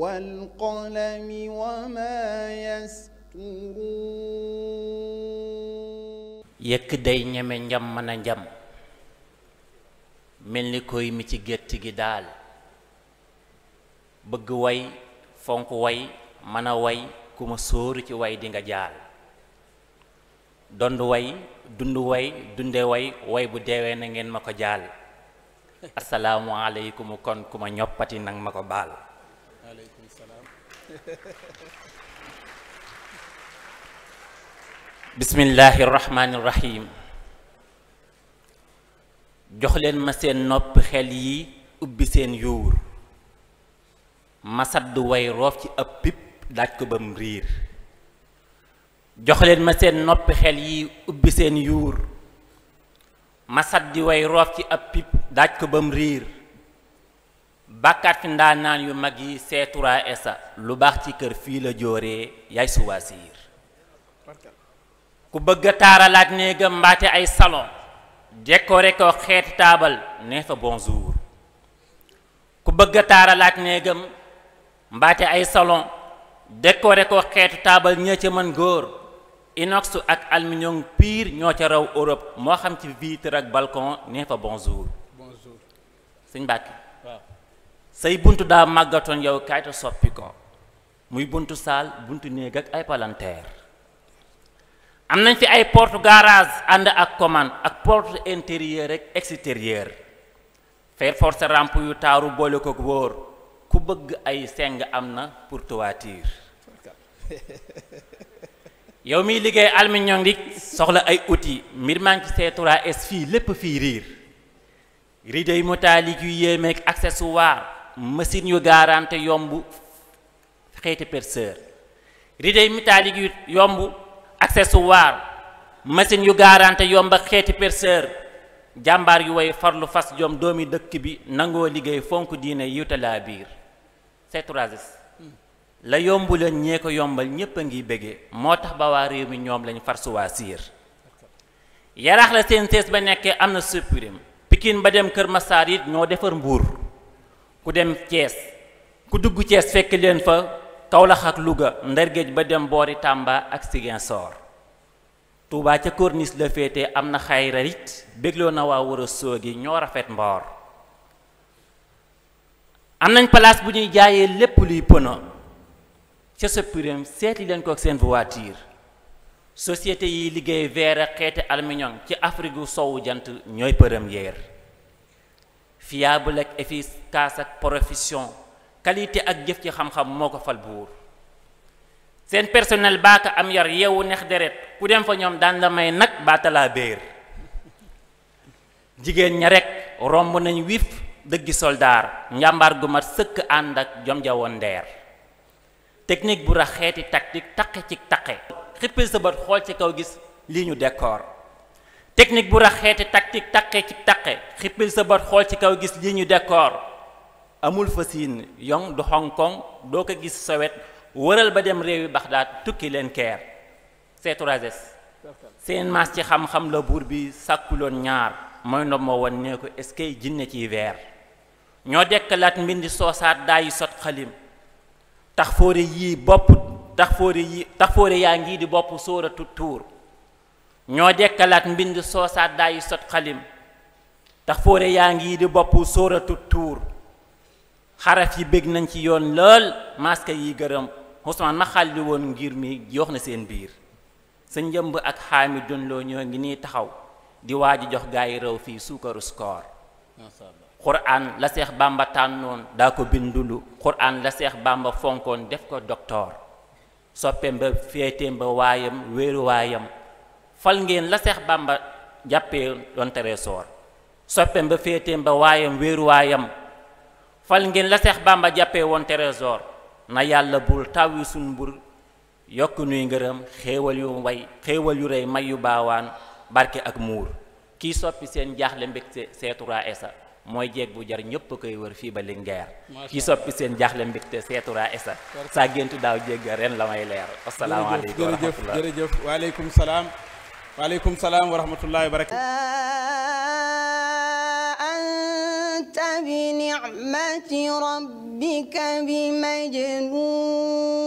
والقلم وما يسطرون yëkk day ñeme njam mën a njam mel ni koy mi ci gétt gi daal bëgg way fonk way mën a way ku ma sóoru ci way dinga nga jaal dond way dund way dunde way way bu deewee na ngeen ma ko jaal asalaamualeykum kon ku ma ñoppati nag ma ko baal waaleykum salaam. bismillahi jox leen ma seen nopp xel yi ubbi seen yuur ma sadd way roof ci ab pip daaj ko bam riir jox leen ma seen noppi xel yi ubbi seen yuur ma sadd way roof ci ab pip daaj ko bam riir bàkkaat fi ndaanaan yu mag yi C3SA lu baax ci kër fii la jooree yaay suwaasiir ku bëgg taaralaat néegam mbaate ay salon décoré ko xeeti taabal nee fa bonjour ku bëgga taaralaat néegam mbaate ay salon décoré ko xeetu taabal ñee ca mën góor inox ak aluminium piir ñoo ca raw Europe moo xam ci vitre ak balcon nee fa bonjour bonjour sëñ say buntu daa màggatoon yow kaay soppi ko muy buntu saal buntu néeg ay palanteer am nañ fi ay porte garage ànd ak commande ak porte intérieur rek extérieur faire force rampe yu taaru boole ko wóor ku bëgg ay seng am na pour toiture yow miy liggéey aluminium gi soxla ay outils mbir maa ngi ci c 3 fii lépp fii riir rideau yi yu yéemeeg accessoire machine yu gaarante yomb xeeti perceur rideau métallique yu yomb accessoire machine yu gaarante yomb ak xeeti perceur jàmbaar yu way farlu fas jom doomi dëkk bi nangoo liggéey fonk diine yutalaa biir c'est la yomb leen ñee ko yombal ñépp a ngi bége moo tax ba waa réew mi ñoom lañ farsuwaa siir yaraax la seen sees ba nekkee am na supprime pikin ba dem kër Masaar it ñoo defar mbuur ku dem Thiès ku dugg Thiès fekk leen fa Kaolack ak Louga ndargéej ba dem boori Tamba ak Ziguinchor tuuba ca korniis la féete am na xayra it bégloo na waa war a soogi ñoo rafet mboor am nañ place bu ñuy jaayee lépp luy pono ca sa prime seeti leen ko ak seen voiture société yi liggéey verre xeeti aluminium ci afrigu gu jant ñooy première fiable ak efficace ak profession qualité ak jëf ci xam-xam moo ko fal buur seen personnel baaka am yar yeewu neex deret ku dem fa ñoom daan la may nag baatalaa béer jigéen ña rekk romb nañu wif dëggi soldaar njàmbaar gu mat sëkk ànd ak jom jawoon ndeer technique bu rax xeeti ci taqe xippil sa xool ci kaw gis lii ñu décor technique bu raxee te tactique taqe ci taqe xippil sa bët xool ci kaw gis li ñu décor amul fa siin yong du Hong Kong doo ko gis Sowét wëral ba dem réewi Baxdaad tukki leen keer C3S seen maas ci xam-xam la buur bi sàkkuloon ñaar mooy ndox ma woon nee ko est-ce que jinne ciy weer ñoo dekkalaat mbindi soosaat daayi sot xalim tax fóore yii bopp tax fóore yii tax fóore yaa ngi di bopp sóoratu tuur ñoo dekkalaat mbind soosaat daayu sot xalim tax fóore yaa ngi di bopp sóoratu tuur xaraf yi bég nañ ci yoon lool maska yi gërëm Ousmane ma xàlli woon ngir mi jox na seen biir sa njëmb ak xaami dunloo ñoo ngi nii taxaw di waaj jox gaa yi fii suukaru skoor xuraan la seex bàmba tànnoon daa ko bindulu xuraan la seex bàmba fonkoon def ko doktoor soppeem ba féeteem ba waayam wéeru waayam fal ngeen la Seex Bàmba jàppe doon trésor soppeem ba féeteem ba waayam wéeruwaayam fal ngeen la Seex Bàmba jàppee woon trésor na yàlla bul taw yi mbur yokk nuy ngërëm xéewal yu way xéewal yu rey may yu baawaan barke ak muur kii soppi seen jaaxle mbég seetura esa mooy jeeg bu jar ñëpp koy wër fii ba Linguère ki soppi seen jaaxle mbégte seetura esa saa géntu daaw jégga ren la may leer asalaamaaleykum jërëjëf jërëjëf waaleykum salaam waaleykum salaam wa rahmatullahi wa barakatu anta bi ni'mati rabbika bi majnun